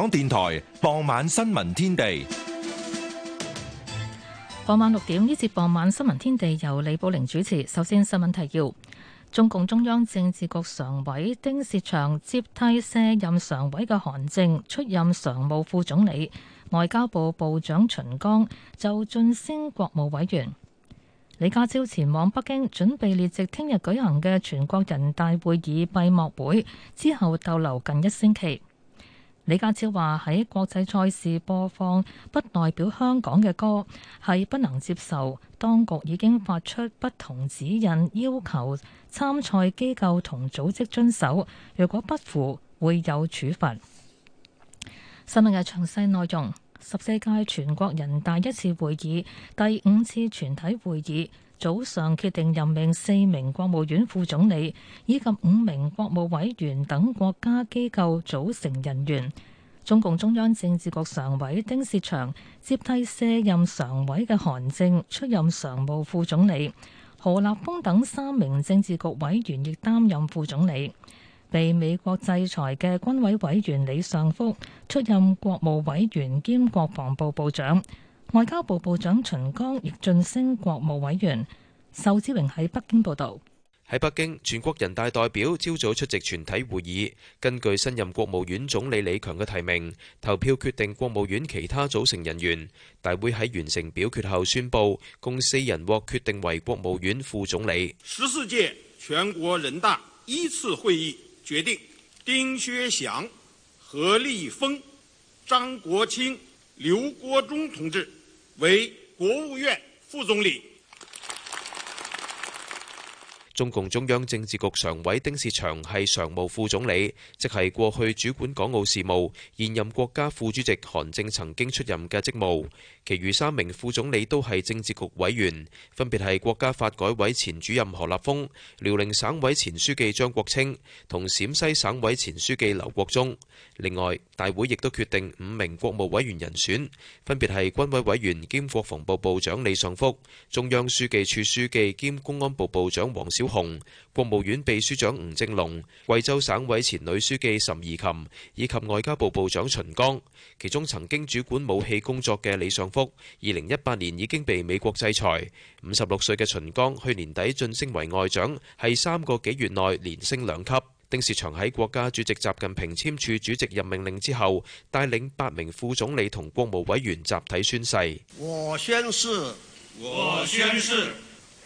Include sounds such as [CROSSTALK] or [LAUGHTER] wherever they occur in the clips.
港電台傍晚新聞天地，傍晚六點呢節傍晚新聞天地由李寶玲主持。首先新聞提要：中共中央政治局常委丁薛祥接替卸任常委嘅韓正出任常務副總理，外交部部長秦剛就晉升國務委員。李家超前往北京，準備列席聽日舉行嘅全國人大會議閉幕會，之後逗留近一星期。李家超話喺國際賽事播放不代表香港嘅歌，係不能接受。當局已經發出不同指引，要求參賽機構同組織遵守。若果不符，會有處罰。新聞嘅詳細內容：十四屆全國人大一次會議第五次全體會議早上決定任命四名國務院副總理以及五名國務委員等國家機構組成人員。中共中央政治局常委丁薛祥接替卸任常委嘅韓正出任常務副總理，何立峰等三名政治局委員亦擔任副總理。被美國制裁嘅軍委委員李尚福出任國務委員兼國防部部長，外交部部長秦剛亦晉升國務委員。壽志榮喺北京報道。喺北京，全國人大代表朝早出席全體會議，根據新任國務院總理李強嘅提名，投票決定國務院其他組成人員。大會喺完成表決後宣佈，共四人獲決定為國務院副總理。十四屆全國人大一次會議決定，丁薛祥、何立峰、張國清、劉國中同志為國務院副總理。中共中央政治局常委丁薛祥係常務副總理，即係過去主管港澳事務、現任國家副主席韓正曾經出任嘅職務。其餘三名副總理都係政治局委員，分別係國家發改委前主任何立峯、遼寧省委前書記張國清同陝西省委前書記劉國中。另外，大會亦都決定五名國務委員人選，分別係軍委委員兼國防部部長李尚福、中央書記處書記兼公安部部長王小紅國務院秘書長吳政隆、貴州省委前女書記諶貽琴以及外交部部長秦剛，其中曾經主管武器工作嘅李尚福，二零一八年已經被美國制裁。五十六歲嘅秦剛去年底晉升為外長，係三個幾月內連升兩級。丁薛祥喺國家主席習近平簽署主席任命令之後，帶領八名副總理同國務委員集體宣誓。我宣誓，我宣誓。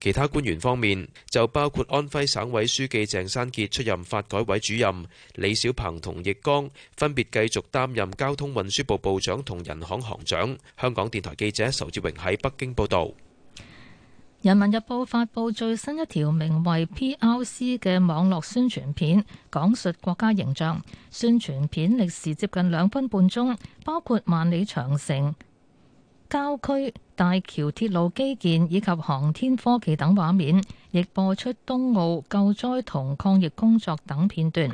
其他官員方面就包括安徽省委書記鄭山杰出任發改委主任，李小鵬同易綱分別繼續擔任交通運輸部部長同人行行長。香港電台記者仇志榮喺北京報道。人民日報發布最新一條名為 PRC 嘅網絡宣傳片，講述國家形象。宣傳片歷時接近兩分半鐘，包括萬里長城。郊區、大橋、鐵路基建以及航天科技等畫面，亦播出冬奧救災同抗疫工作等片段。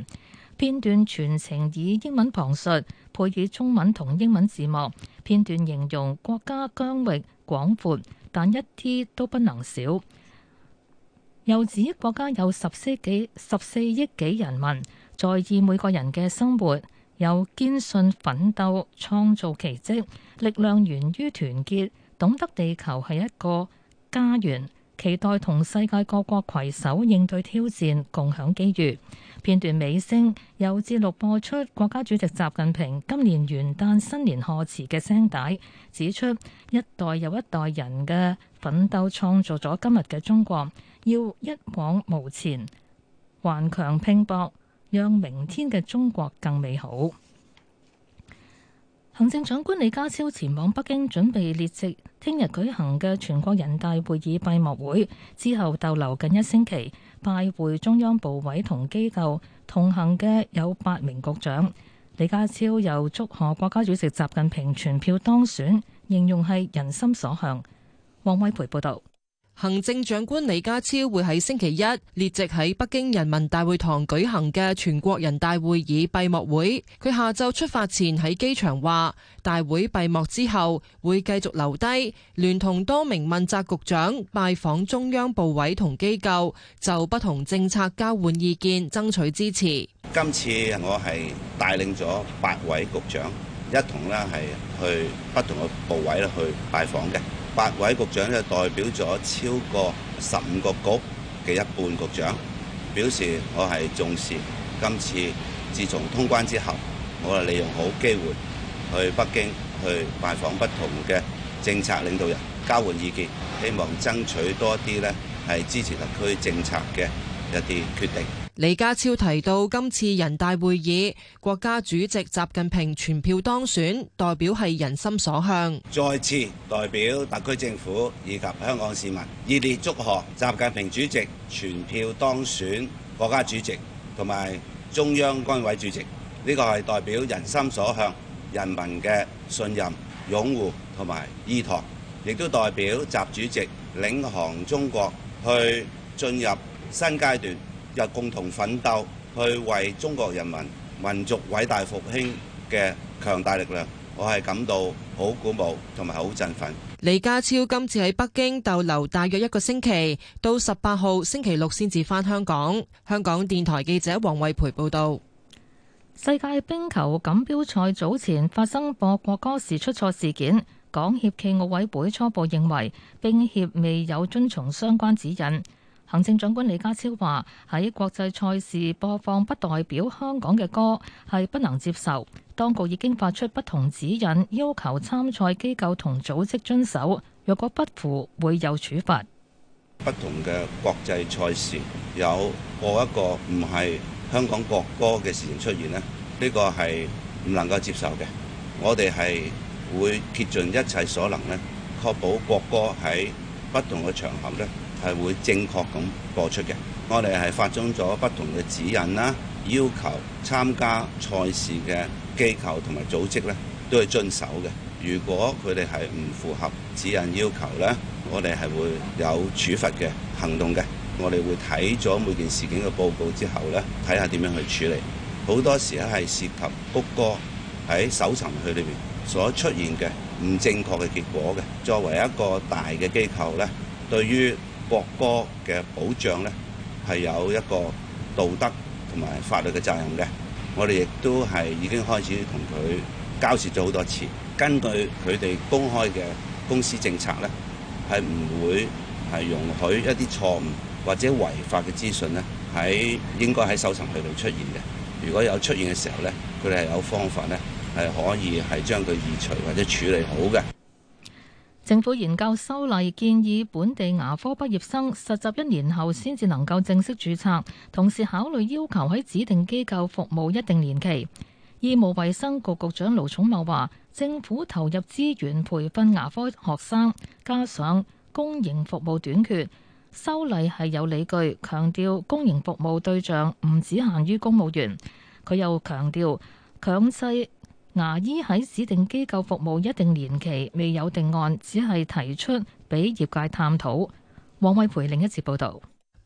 片段全程以英文旁述，配以中文同英文字幕。片段形容國家疆域廣闊，但一啲都不能少。又指，國家有十四幾十四億幾人民，在意每個人嘅生活。又堅信奮鬥創造奇蹟，力量源於團結，懂得地球係一個家園，期待同世界各國攜手應對挑戰，共享機遇。片段尾聲又節錄播出國家主席習近平今年元旦新年賀詞嘅聲帶，指出一代又一代人嘅奮鬥創造咗今日嘅中國，要一往無前，頑強拼搏。讓明天嘅中國更美好。行政長官李家超前往北京，準備列席聽日舉行嘅全國人大會議閉幕會，之後逗留近一星期，拜會中央部委同機構。同行嘅有八名局長。李家超又祝賀國家主席習近平全票當選，形容係人心所向。黃偉培報道。行政長官李家超會喺星期一列席，喺北京人民大會堂舉行嘅全國人大會議閉幕會。佢下晝出發前喺機場話，大會閉幕之後會繼續留低，聯同多名問責局長拜訪中央部委同機構，就不同政策交換意見，爭取支持。今次我係帶領咗八位局長一同呢係去不同嘅部委去拜訪嘅。八位局長咧代表咗超過十五個局嘅一半局長，表示我係重視今次。自從通關之後，我係利用好機會去北京去拜訪不同嘅政策領導人，交換意見，希望爭取多啲咧係支持特區政策嘅一啲決定。李家超提到，今次人大會議，國家主席習近平全票當選代表係人心所向。再次代表特區政府以及香港市民熱烈祝賀習近平主席全票當選國家主席，同埋中央軍委主席。呢個係代表人心所向、人民嘅信任、擁護同埋依託，亦都代表習主席領航中國去進入新階段。有共同奮鬥，去為中國人民民族偉大復興嘅強大力量，我係感到好鼓舞同埋好振奮。李家超今次喺北京逗留大約一個星期，到十八號星期六先至翻香港。香港電台記者黃慧培報道：世界冰球錦標賽早前發生播國歌時出錯事件，港協暨奧委會初步認為冰協未有遵從相關指引。行政長官李家超話：喺國際賽事播放不代表香港嘅歌係不能接受，當局已經發出不同指引，要求參賽機構同組織遵守，若果不符會有處罰。不同嘅國際賽事有過一個唔係香港國歌嘅事情出現咧，呢個係唔能夠接受嘅。我哋係會竭盡一切所能咧，確保國歌喺不同嘅場合咧，係會正確咁播出嘅。我哋係發出咗不同嘅指引啦，要求參加賽事嘅機構同埋組織呢都係遵守嘅。如果佢哋係唔符合指引要求呢，我哋係會有處罰嘅行動嘅。我哋會睇咗每件事件嘅報告之後呢，睇下點樣去處理。好多時都係涉及谷歌喺搜尋器裏邊所出現嘅唔正確嘅結果嘅。作為一個大嘅機構呢，對於國歌嘅保障呢，係有一個道德同埋法律嘅責任嘅。我哋亦都係已經開始同佢交涉咗好多次。根據佢哋公開嘅公司政策呢，係唔會係容許一啲錯誤或者違法嘅資訊呢，喺應該喺搜尋渠道出現嘅。如果有出現嘅時候呢，佢哋係有方法呢，係可以係將佢移除或者處理好嘅。政府研究修例，建議本地牙科畢業生實習一年後先至能夠正式註冊，同時考慮要求喺指定機構服務一定年期。醫務衛生局局長盧寵茂話，政府投入資源培訓牙科學生，加上公營服務短缺，修例係有理據。強調公營服務對象唔只限於公務員。佢又強調，強制牙醫喺指定機構服務一定年期，未有定案，只係提出俾業界探討。王偉培另一節報道。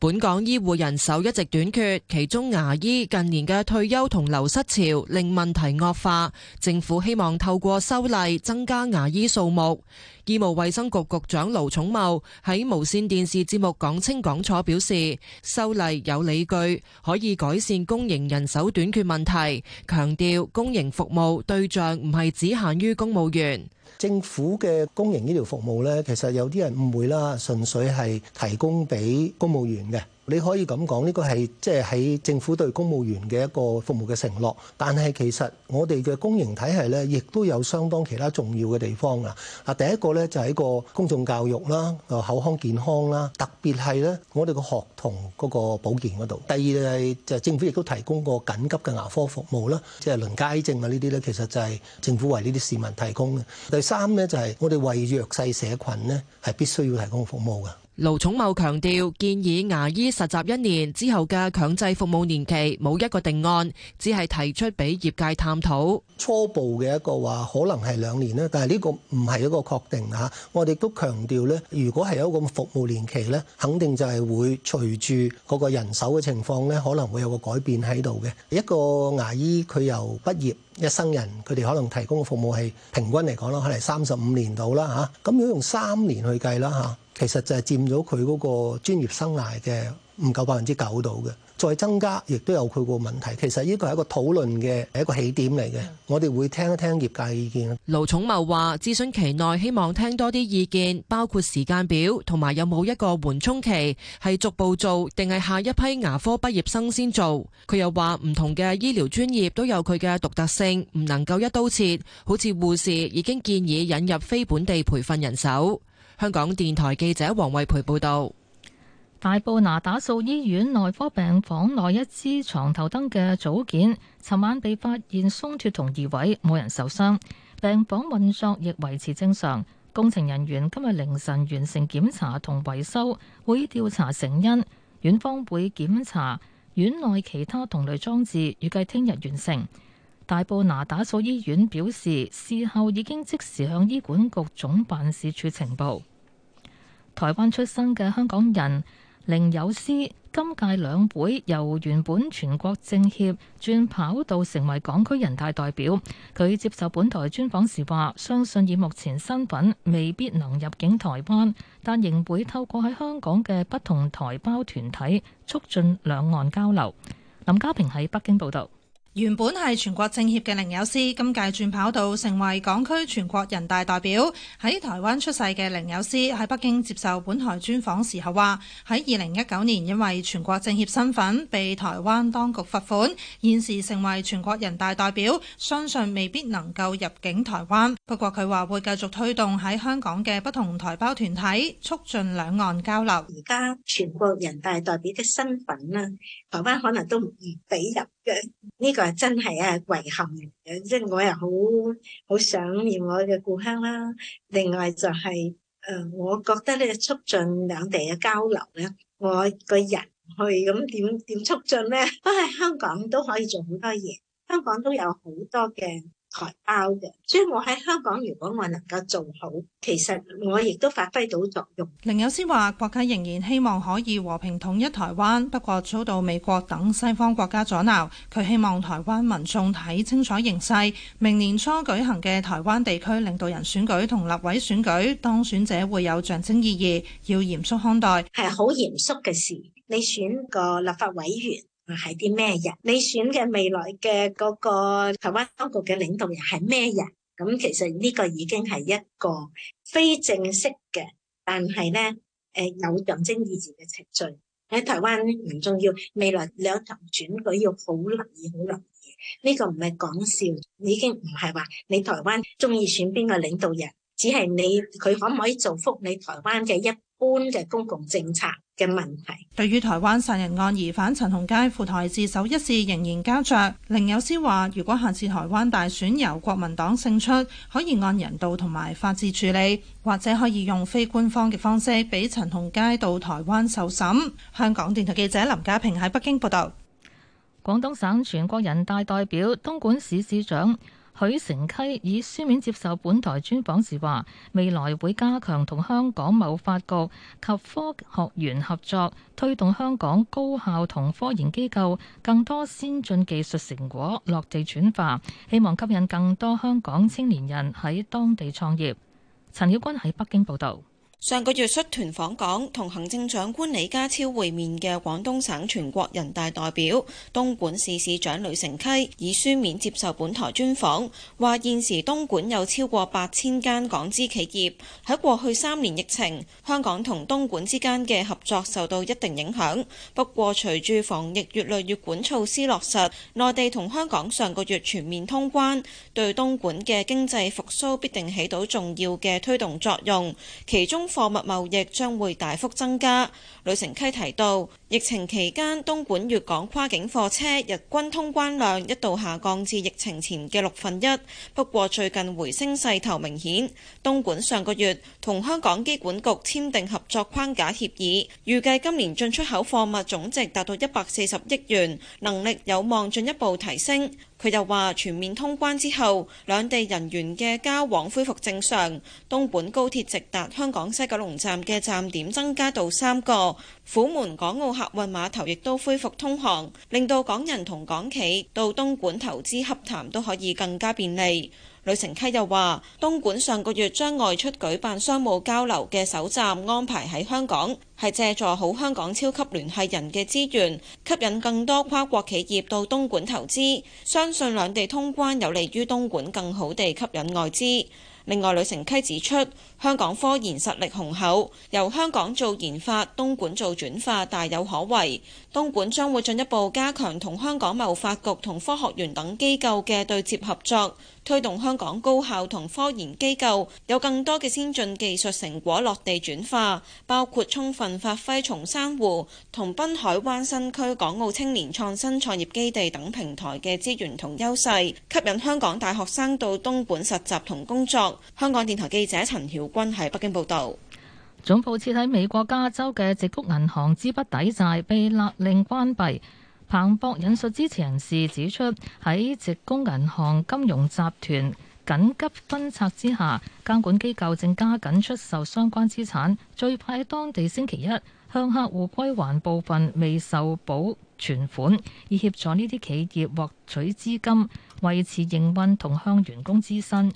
本港醫護人手一直短缺，其中牙醫近年嘅退休同流失潮，令問題惡化，政府希望透過修例增加牙醫數目。醫務衛生局局長盧寵茂喺無綫電視節目講清講楚表示，修例有理據，可以改善公營人手短缺問題，強調公營服務對象唔係只限於公務員。政府嘅公營醫療服務咧，其實有啲人誤會啦，純粹係提供俾公務員嘅。你可以咁講，呢個係即係喺政府對公務員嘅一個服務嘅承諾。但係其實我哋嘅公營體系咧，亦都有相當其他重要嘅地方㗎。啊，第一個咧就係一個公眾教育啦，啊口腔健康啦，特別係咧我哋個學童嗰個保健嗰度。第二係就係政府亦都提供過緊急嘅牙科服務啦，即係輪街症啊呢啲咧，其實就係政府為呢啲市民提供嘅。第三咧就係我哋為弱勢社群咧係必須要提供服務㗎。盧寵茂強調，建議牙醫實習一年之後嘅強制服務年期冇一個定案，只係提出俾業界探討。初步嘅一個話可能係兩年咧，但係呢個唔係一個確定吓、啊。我哋都強調咧，如果係有一個服務年期咧，肯定就係會隨住嗰個人手嘅情況咧，可能會有個改變喺度嘅。一個牙醫佢由畢業一生人，佢哋可能提供嘅服務係平均嚟講啦，係三十五年到啦吓。咁、啊、如果用三年去計啦吓。啊其實就係佔咗佢嗰個專業生涯嘅唔夠百分之九度嘅，再增加亦都有佢個問題。其實呢個係一個討論嘅，一個起點嚟嘅。的我哋會聽一聽業界嘅意見。盧寵茂話：諮詢期內希望聽多啲意見，包括時間表同埋有冇一個緩衝期，係逐步做定係下一批牙科畢業生先做。佢又話唔同嘅醫療專業都有佢嘅獨特性，唔能夠一刀切。好似護士已經建議引入非本地培訓人手。香港電台記者黃慧培報道：大埔那打素醫院內科病房內一支床頭燈嘅組件，尋晚被發現鬆脱同移位，冇人受傷，病房運作亦維持正常。工程人員今日凌晨完成檢查同維修，會調查成因。院方會檢查院內其他同類裝置，預計聽日完成。大布那打素醫院表示，事後已經即時向醫管局總辦事處呈報。台灣出生嘅香港人凌友詩，今屆兩會由原本全國政協轉跑道成為港區人大代表。佢接受本台專訪時話，相信以目前身份未必能入境台灣，但仍會透過喺香港嘅不同台胞團體，促進兩岸交流。林家平喺北京報導。原本係全國政協嘅凌友詩，今屆轉跑道成為港區全國人大代表。喺台灣出世嘅凌友詩喺北京接受本台專訪時候話：喺二零一九年因為全國政協身份被台灣當局罰款，現時成為全國人大代表，相信未必能夠入境台灣。不過佢話會繼續推動喺香港嘅不同台胞團體，促進兩岸交流。而家全國人大代表嘅身份呢，台灣可能都唔俾。入呢個係真係啊遺憾嘅，即係我又好好想念我嘅故鄉啦。另外就係，誒，我覺得咧，促進兩地嘅交流咧，我個人去咁點點促進咧，都喺香港都可以做好多嘢，香港都有好多嘅。台胞嘅，所以我喺香港，如果我能夠做好，其實我亦都發揮到作用。凌友詩話：國家仍然希望可以和平統一台灣，不過遭到美國等西方國家阻撓。佢希望台灣民眾睇清楚形勢。明年初舉行嘅台灣地區領導人選舉同立委選舉，當選者會有象徵意義，要嚴肅看待，係好嚴肅嘅事。你選個立法委員。係啲咩人？你選嘅未來嘅嗰個台灣當局嘅領導人係咩人？咁其實呢個已經係一個非正式嘅，但係咧誒，有象徵意義嘅程序。喺台灣唔重要。未來兩場選舉要好留意，好留意。呢、這個唔係講笑，已經唔係話你台灣中意選邊個領導人，只係你佢可唔可以造福你台灣嘅一般嘅公共政策，嘅問題，對於台灣殺人案疑犯陳鴻佳赴台自首一事仍然膠着。凌友詩話，如果下次台灣大選由國民黨勝出，可以按人道同埋法治處理，或者可以用非官方嘅方式，俾陳鴻佳到台灣受審。香港電台記者林家平喺北京報道，廣東省全國人大代表、東莞市市長。許成溪以書面接受本台專訪時話：未來會加強同香港貿發局及科學園合作，推動香港高校同科研機構更多先進技術成果落地轉化，希望吸引更多香港青年人喺當地創業。陳曉君喺北京報道。上個月率團訪港同行政長官李家超會面嘅廣東省全國人大代表、東莞市市長呂成溪以書面接受本台專訪，話現時東莞有超過八千間港資企業。喺過去三年疫情，香港同東莞之間嘅合作受到一定影響。不過，隨住防疫越嚟越管措施落實，內地同香港上個月全面通關，對東莞嘅經濟復甦必定起到重要嘅推動作用。其中，貨物貿易將會大幅增加，呂成溪提到。疫情期間，東莞粵港跨境貨車日均通關量一度下降至疫情前嘅六分一。不過最近回升勢頭明顯。東莞上個月同香港機管局簽訂合作框架協議，預計今年進出口貨物總值達到一百四十億元，能力有望進一步提升。佢又話，全面通關之後，兩地人員嘅交往恢復正常，東莞高鐵直達香港西九龍站嘅站點增加到三個。虎門港澳客運碼頭亦都恢復通航，令到港人同港企到東莞投資洽談都可以更加便利。李成溪又話：東莞上個月將外出舉辦商務交流嘅首站安排喺香港，係借助好香港超級聯繫人嘅資源，吸引更多跨國企業到東莞投資。相信兩地通關有利於東莞更好地吸引外資。另外，呂成溪指出，香港科研實力雄厚，由香港做研發，東莞做轉化，大有可為。東莞將會進一步加強同香港貿發局同科學園等機構嘅對接合作，推動香港高校同科研機構有更多嘅先進技術成果落地轉化，包括充分發揮松山湖同濱海灣新區港澳青年創新創業基地等平台嘅資源同優勢，吸引香港大學生到東莞實習同工作。香港電台記者陳曉君喺北京報道。總部設喺美國加州嘅直谷銀行資不抵債，被勒令關閉。彭博引述支持人士指出，喺直谷銀行金融集團緊急分拆之下，監管機構正加緊出售相關資產，最快喺當地星期一向客戶歸還部分未受保存款，以協助呢啲企業獲取資金，維持營運同向員工資薪。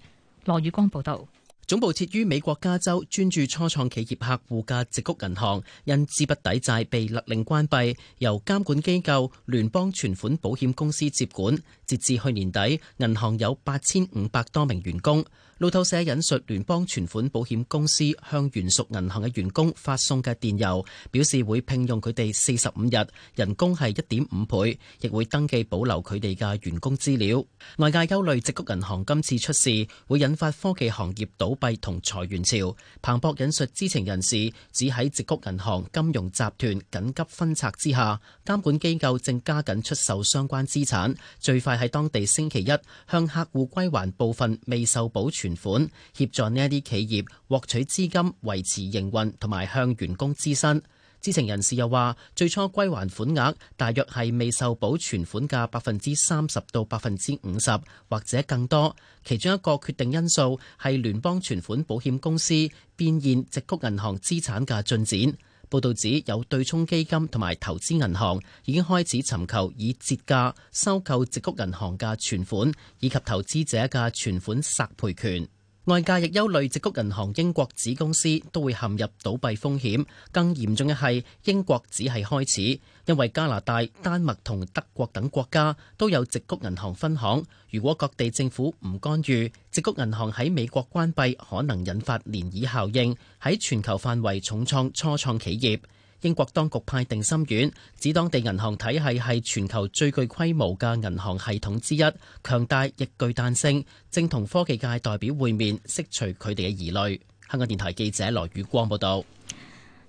羅宇光報道，總部設於美國加州，專注初創企業客戶嘅矽谷銀行因資不抵債被勒令關閉，由監管機構聯邦存款保險公司接管。截至去年底，銀行有八千五百多名員工。路透社引述聯邦存款保險公司向原屬銀行嘅員工發送嘅電郵表示，會聘用佢哋四十五日，人工係一點五倍，亦會登記保留佢哋嘅員工資料。外界憂慮矽谷銀行今次出事會引發科技行業倒閉同裁員潮。彭博引述知情人士指，喺矽谷銀行金融集團緊急分拆之下，監管機構正加緊出售相關資產，最快喺當地星期一向客戶歸還部分未受保存。存款協助呢一啲企業獲取資金，維持營運同埋向員工支薪。知情人士又話，最初歸還款額大約係未受保存款嘅百分之三十到百分之五十或者更多。其中一個決定因素係聯邦存款保險公司變現直谷銀行資產嘅進展。報道指有對沖基金同埋投資銀行已經開始尋求以折價收購矽谷銀行嘅存款，以及投資者嘅存款索賠權。外界亦憂慮，矽谷銀行英國子公司都會陷入倒閉風險。更嚴重嘅係，英國只係開始，因為加拿大、丹麥同德國等國家都有矽谷銀行分行。如果各地政府唔干預，矽谷銀行喺美國關閉，可能引發漣漪效應，喺全球範圍重創初創企業。英國當局派定心丸，指當地銀行體系係全球最具規模嘅銀行系統之一，強大亦具彈性，正同科技界代表會面，釋除佢哋嘅疑慮。香港電台記者羅宇光報道，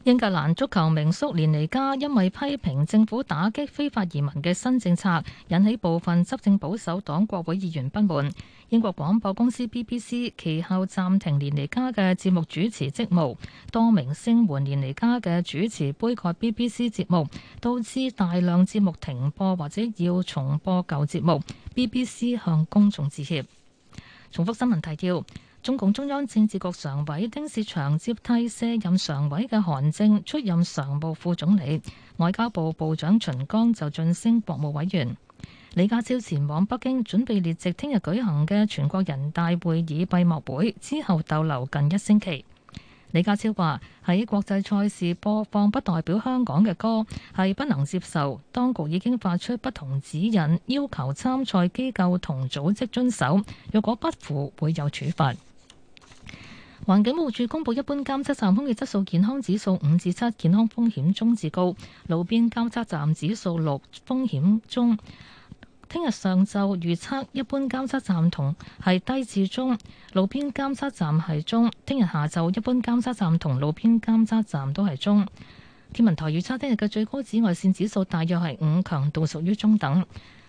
英格蘭足球名宿連尼加因為批評政府打擊非法移民嘅新政策，引起部分執政保守黨國會議員不滿。英國廣播公司 BBC 其後暫停連尼加嘅節目主持職務，多名聲援連尼加嘅主持杯葛 BBC 節目，導致大量節目停播或者要重播舊節目。BBC 向公眾致歉。重複新聞提要：中共中央政治局常委丁薛祥接替卸任常委嘅韓正出任常務副總理，外交部部長秦剛就晉升國務委員。李家超前往北京，準備列席聽日舉行嘅全國人大會議閉幕會之後逗留近一星期。李家超話喺國際賽事播放不代表香港嘅歌係不能接受，當局已經發出不同指引，要求參賽機構同組織遵守，若果不符會有處罰。環境保護署公布一般監測站空氣質素健康指數五至七，健康風險中至高；路邊監測站指數六，風險中。聽日上晝預測一般監測站同係低至中，路邊監測站係中。聽日下晝一般監測站同路邊監測站都係中。天文台預測聽日嘅最高紫外線指數大約係五，強度屬於中等。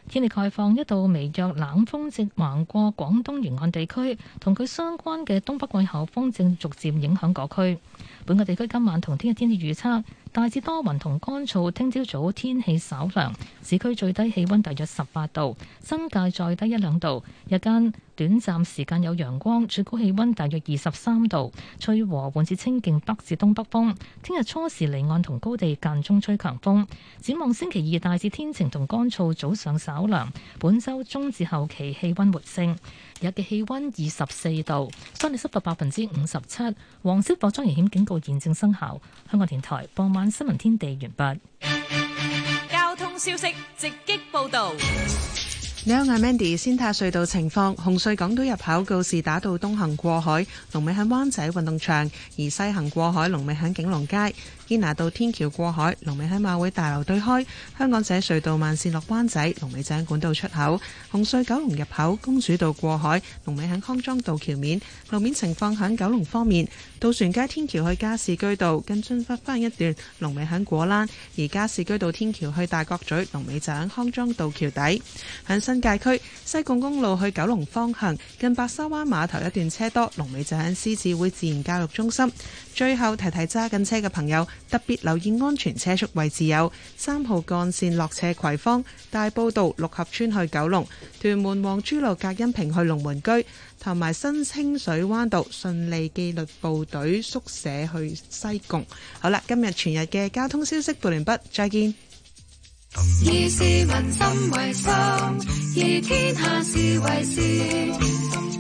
天氣概況：一道微弱冷鋒正橫過廣東沿岸地區，同佢相關嘅東北季候風正逐漸影響各區。本港地區今晚同聽日天氣預測。大致多雲同乾燥，聽朝早天氣稍涼，市區最低氣溫大約十八度，新界再低一兩度，日間短暫時間有陽光，最高氣溫大約二十三度，吹和緩至清勁北至東北風，聽日初時離岸同高地間中吹強風，展望星期二大致天晴同乾燥，早上稍涼，本周中至後期氣溫回升。日嘅氣溫二十四度，相對濕度百分之五十七，黃色火災危險警告現正生效。香港電台傍晚新聞天地完畢。八交通消息直擊報道，你好，我係 Mandy。先睇隧道情況，紅隧港島入口告示打到東行過海，龍尾喺灣仔運動場；而西行過海，龍尾喺景龍街。堅拿道天橋過海，龍尾喺馬會大樓對開；香港仔隧道慢綫落灣仔，龍尾就喺管道出口；紅隧九龍入口公主道過海，龍尾喺康莊道橋面。路面情況喺九龍方面，渡船街天橋去加士居道，近新發翻一段，龍尾喺果欄；而加士居道天橋去大角咀，龍尾就喺康莊道橋底。喺新界區，西貢公路去九龍方向，近白沙灣碼頭一段車多，龍尾就喺獅子會自然教育中心。最後提提揸緊車嘅朋友。特別留意安全車速位置有三號幹線落斜葵芳、大埔道六合村去九龍、屯門往竹路隔音屏去龍門居，同埋新清水灣道順利紀律部隊宿舍去西貢。好啦，今日全日嘅交通消息報完畢，再見。以市民心為心，以天下事為事。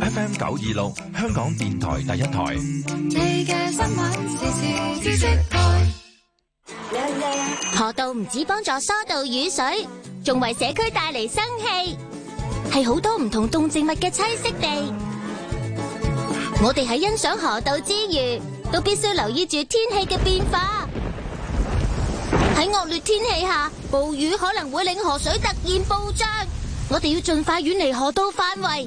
FM 九二六香港電台第一台。河道唔止幫助疏導雨水，仲為社區帶嚟生氣，係好多唔同動植物嘅棲息地。我哋喺欣賞河道之餘，都必須留意住天氣嘅變化。喺惡劣天氣下，暴雨可能會令河水突然暴漲，我哋要盡快遠離河道範圍。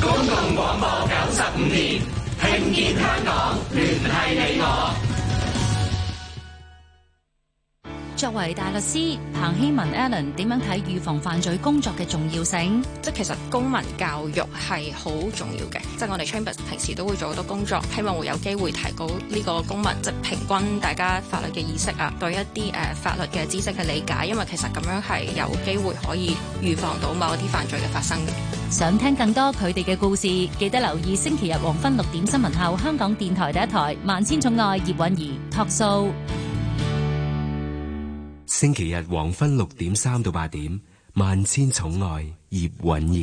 公共廣播九十五年，聽見香港，聯繫你我。作為大律師彭希文 Alan，點樣睇預防犯罪工作嘅重要性？即係其實公民教育係好重要嘅，即係我哋 Chambers 平時都會做好多工作，希望會有機會提高呢個公民，即係平均大家法律嘅意識啊，對一啲誒法律嘅知識嘅理解，因為其實咁樣係有機會可以預防到某一啲犯罪嘅發生。想聽更多佢哋嘅故事，記得留意星期日黃昏六點新聞後，香港電台第一台《萬千寵愛葉蘊儀》Talk Show。星期日黃昏六點三到八點，《萬千寵愛葉蘊儀》。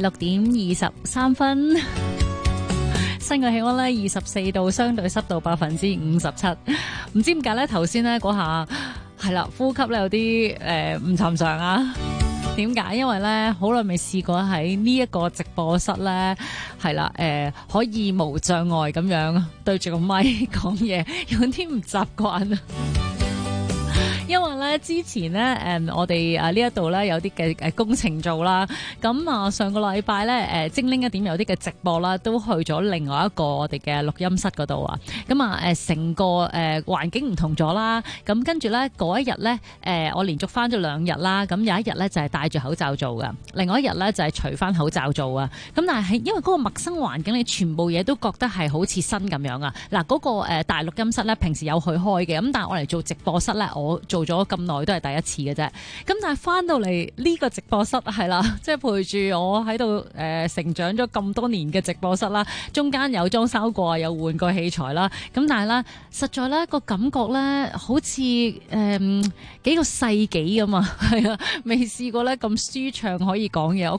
六點二十三分，室外氣溫咧二十四度，相對濕度百分之五十七。唔 [LAUGHS] 知點解咧？頭先咧嗰下係啦，呼吸咧有啲誒唔尋常啊。點 [LAUGHS] 解？因為咧好耐未試過喺呢一個直播室咧係啦，誒、呃、可以無障礙咁樣對住個麥講嘢，有啲唔習慣啊。 [LAUGHS] 因為咧之前咧誒我哋啊呢一度咧有啲嘅誒工程做啦，咁啊上個禮拜咧誒精靈一點有啲嘅直播啦，都去咗另外一個我哋嘅錄音室嗰度啊，咁啊誒成個誒環境唔同咗啦，咁跟住咧嗰一日咧誒我連續翻咗兩日啦，咁有一日咧就係戴住口罩做噶，另外一日咧就係除翻口罩做啊，咁但係因為嗰個陌生環境，你全部嘢都覺得係好似新咁樣啊，嗱、誒、嗰個大錄音室咧平時有去開嘅，咁但係我嚟做直播室咧我做咗咁耐都係第一次嘅啫，咁但係返到嚟呢個直播室係啦，即係陪住我喺度誒成長咗咁多年嘅直播室啦，中間有裝修過，啊，有換過器材啦，咁但係咧實在咧個感覺咧好似誒、呃、幾個世紀噶嘛，係啊，未試過咧咁舒暢可以講嘢。